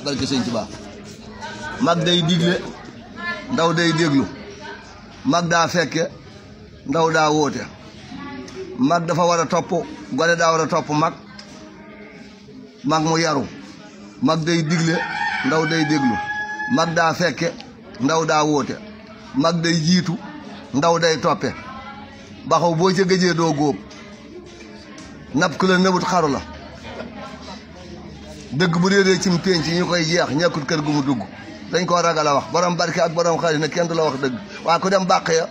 barke sëñ Tuubaa mag day digle ndaw day déglu mag daa fekke ndaw daa wóote mag dafa war a topp gone daa war a topp mag mag mu yaru mag day digle ndaw day déglu mag daa fekke ndaw daa wóote mag day jiitu ndaw day toppe baxaw boo ca gëjee doo góob napp ku la nëbut xaru la dëgg bu réeree cim pénc ñu koy jeex ñekkul kër gu mu dugg dañ koo ragal a wax borom barke ak borom xaalis na kenn du la wax dëgg waaye ku dem bàq ya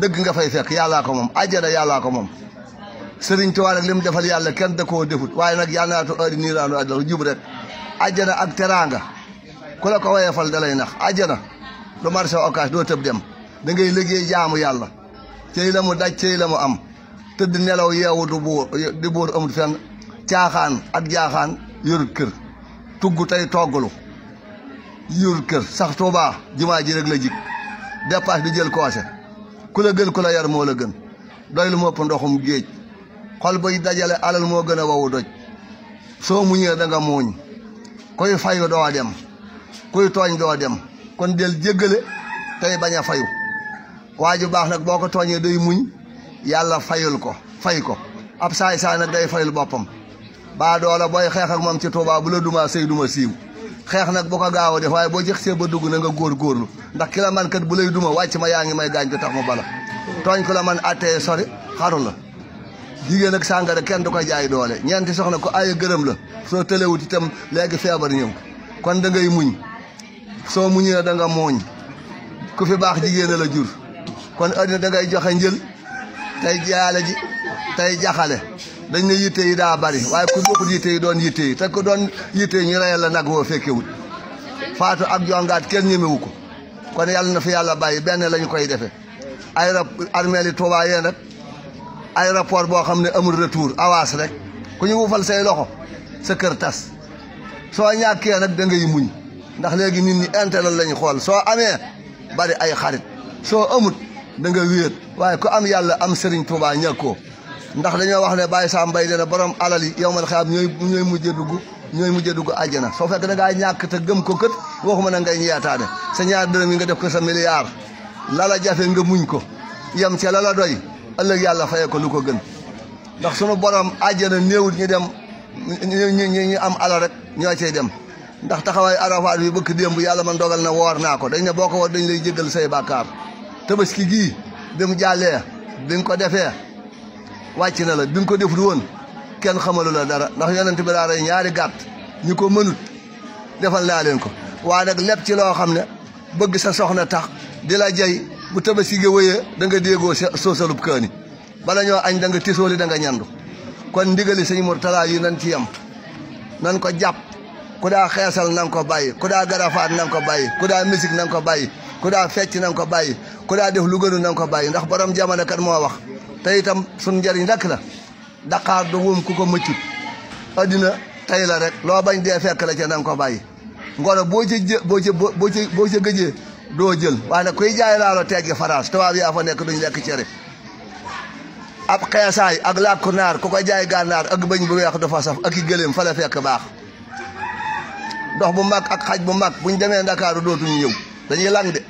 dëgg nga fay fekk yàllaa ko moom ajjana yàllaa ko moom sëriñ Tuubaa nag li defal yàlla kenn da koo defut waaye nag yàlla naatu heure nii raanu àddina jub rek ajjana ak teraanga ku la ko wayefal da nax ajjana du marché occas doo tëb dem da ngay liggéey jaamu yàlla cëy la mu daj cëy la mu am tëdd nelaw yeewu du buur yor kër tugg tey toggalu yor kër sax Tuubaa jumaa ji rek la jik dépasse di jël koose ku la gën ku la yar moo la gën doy lu mopp géej xol bay dajale alal moo gën a wawu doj soo muñee da nga muuñ kuy fayu doo dem kuy tooñ doo dem kon jël jéggale tey bañ a fayu waa ju baax nag boo ko tooñee day muñ yàlla fayul ko fay ko ab saay saay nag day fayul boppam baa doola booy xeex ak moom ci Tuubaa bu la dumaa du ma siiw xeex nag boo ko gaaw a def waaye boo jex see ba dugg na nga góorgóorlu ndax ki la man kat bu lay ma wàcc ma yaa may gaañ bi tax mu bala tooñ ko la man attee sori xaru la jigéen ak sàngara kenn du ko jaay doole ñeenti soxna ko aaya gërëm la soo tëlewut tam léegi feebar ñëw kon da ngay muñ soo muñee da nga mooñ ku fi baax jigéen a la jur kon addina da ngay joxe njël tey jaale ji tey jaxale dañ ne yitte yi daa bari waaye ku bokkul yitte yi doon yitte yi te ku doon yitte yi ñu reyal la nag woo fekkewut faatu ak jongaat kenn ñemewu ko kon yàlla na fi yàlla bàyyi benn lañu koy defee ay rab armée li Tuubaa yee nag aéroport boo xam ne amul retour awaas rek ku ñu wufal say loxo sa kër tas soo ñàkkee nag da ngay muñ ndax léegi nit ñi intérêt lañu xool soo amee bari ay xarit soo amut da nga wéet waaye ku am yàlla am Sëriñ Tuubaa ñàkkoo ndax dañoo wax ne Baye Sam Mbaye dina borom alal yi yow mal xiyaam ñooy ñooy mujjee dugg ñooy mujjee dugg àjjana soo fekk da ngaa ñàkk te gëm ko kët waxuma na ngay ñeetaane sa ñaar dërëm yi nga def ko sa milliard lala jafe nga muñ ko yem ca lala doy ëllëg yàlla faye ko lu ko gën ndax sunu borom àjjana néewut ñu dem ñu am alal rek ñoo cay dem ndax taxawaay arafaat bi bëkk démb yàlla man dogal na woor naa ko dañ ne boo ko war dañu lay jéggal say bàkkaar tabaski gii bi mu jàllee bi nga ko defee wàcc na la bi ko defut woon kenn xamalu la dara ndax yonent bi daa rey ñaari gàtt ñi ko mënut defal naa leen ko waaye nag lépp ci loo xam ne bëgg sa soxna tax di la jay bu tabaski gi wëyee da nga sa soosalub kaani bala ñoo añ danga nga tisooli da nga ñandu kon ndigali sëñ Murtala yi nan ci yem nan ko jàpp ku daa xeesal nan ko bàyyi ku daa garafaat nan ko bàyyi ku daa musique nan ko bàyyi ku daa fecc nan ko bàyyi ku daa def lu gënu nan ko bàyyi ndax borom jamono kat moo wax te itam suñ njariñ rek la daqaar du wuum ku ko mëccut addina tey la rek loo bañ dee fekk la ca na nga ko bàyyi ngoro boo ca boo boo ca boo doo jël waaye nag kuy jaay laalo teggi faraas tubaab yaa fa nekk duñ lekk cere ab xeesaay ak làkku naar ku ko jaay gànnaar ak bañ bu weex dafa saf ak i gëléem fa fekk baax dox bu mag ak xaj bu mag buñ demee ndakaaru dootuñu ñëw dañuy lang de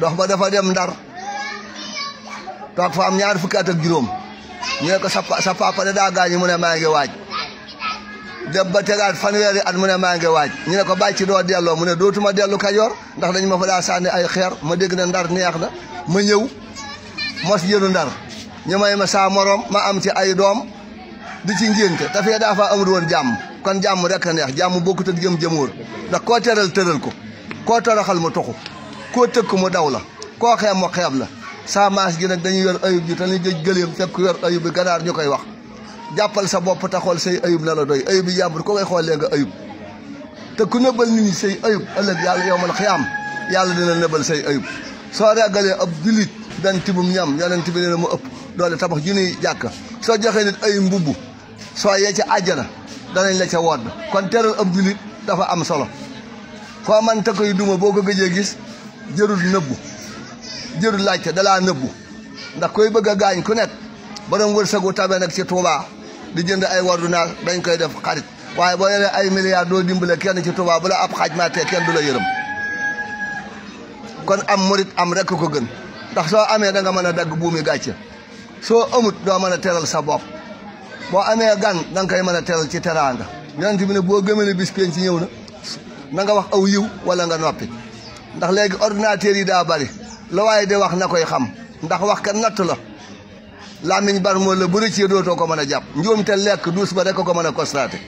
dox ba dafa dem ndar tok fa am ñaar fukki at ak juróom ñu ko sa sa papa da daga gaañu mu ne ma ngi waj dem ba tegaat fanweeri at mu ne ma ngi waj ñu ne ko bàyyi ci doo mu ne dootuma dellu kajoor ndax dañ ma fa da sànni ay xeer ma deg na ndar neex na ma ñew mos yënu ndar ñu may ma sa morom ma am ci ay doom di ci ta fe da fa amul won jam kon jam rek neex jàmm bokku te jëm jëmóor da ko teral tëral ko ko toroxal mu toxu ko tekk mu dawla ko koo mo la saamaas gi nag dañuy yor ayub ji te ñu géej gëleem fekk yor ayub bi ganaar ñu koy wax jàppal sa bopp te say ayub na la doy ayub yi jàmbur ko koy xoolee nga ayub te ku nëbbal nit ñi say ayub ëllëg yàlla yowmal xiyaam yàlla dina nëbbal say ayub soo ragalee ab julit benn tibum ñam yonent bi nee na mu ëpp doole tabax ju nuy jàkk soo joxee nit ay mbubb soo yee ca àjjana danañ la ca wodd kon teral ab julit dafa am solo koo man te koy duma boo ko gëjee gis jërul nëbbu jëru laajte dalaa nëbbu ndax koy bëgg a gaañ ku nekk borom wërsëgu tabe nag ci Touba di jënd ay ordonnal dañ koy def xarit waaye boo yoree ay milliards doo dimbale kenn ci Touba bu ab xaaj maatee kenn du la yërëm kon am murit am rek ko gën ndax soo amee da nga mën a dagg buumi gàcce soo amut doo mën a teral sa bopp boo amee gan da nga koy mën a teral ci teraanga yonent bi ne boo gëmee ne bis penc ci ñëw na na nga wax aw yiw wala nga noppi ndax léegi ordinateur yi daa bari لواي دي واخ نكوي خام داخ واخ كان نات لا لامين بار مو لا بوري سي دوتو كو مانا جاب نيوم تي لك دوس با ريك كو مانا كوستاتي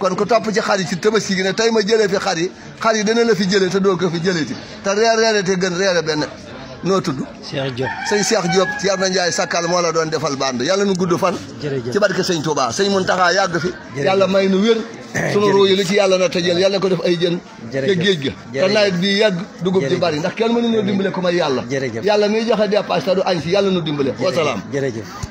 كون كو توب سي خاري سي تباسي غي تاي ما جيلي في خاري خاري دنا لا في جيلي تا دو كو في جيليتي تا رير رير تي غن رير بن نو تود شيخ جوب سي شيخ جوب يارنا نجاي ساكال مولا دون ديفال باند يالا نو غودو فان تي بارك سيغ توبا سيغ مونتاخا ياغ في يالا ماي نو وير sunu ruu yi lu yàlla na tëjal yàlla na ko def ay jën ca géej ga te nawet yàgg dugub ji bari ndax kenn mënu ñoo dimbale ku may yàlla yàlla miy joxe dépasse te du añ si yàlla nu dimbale wasalaam jërëjëf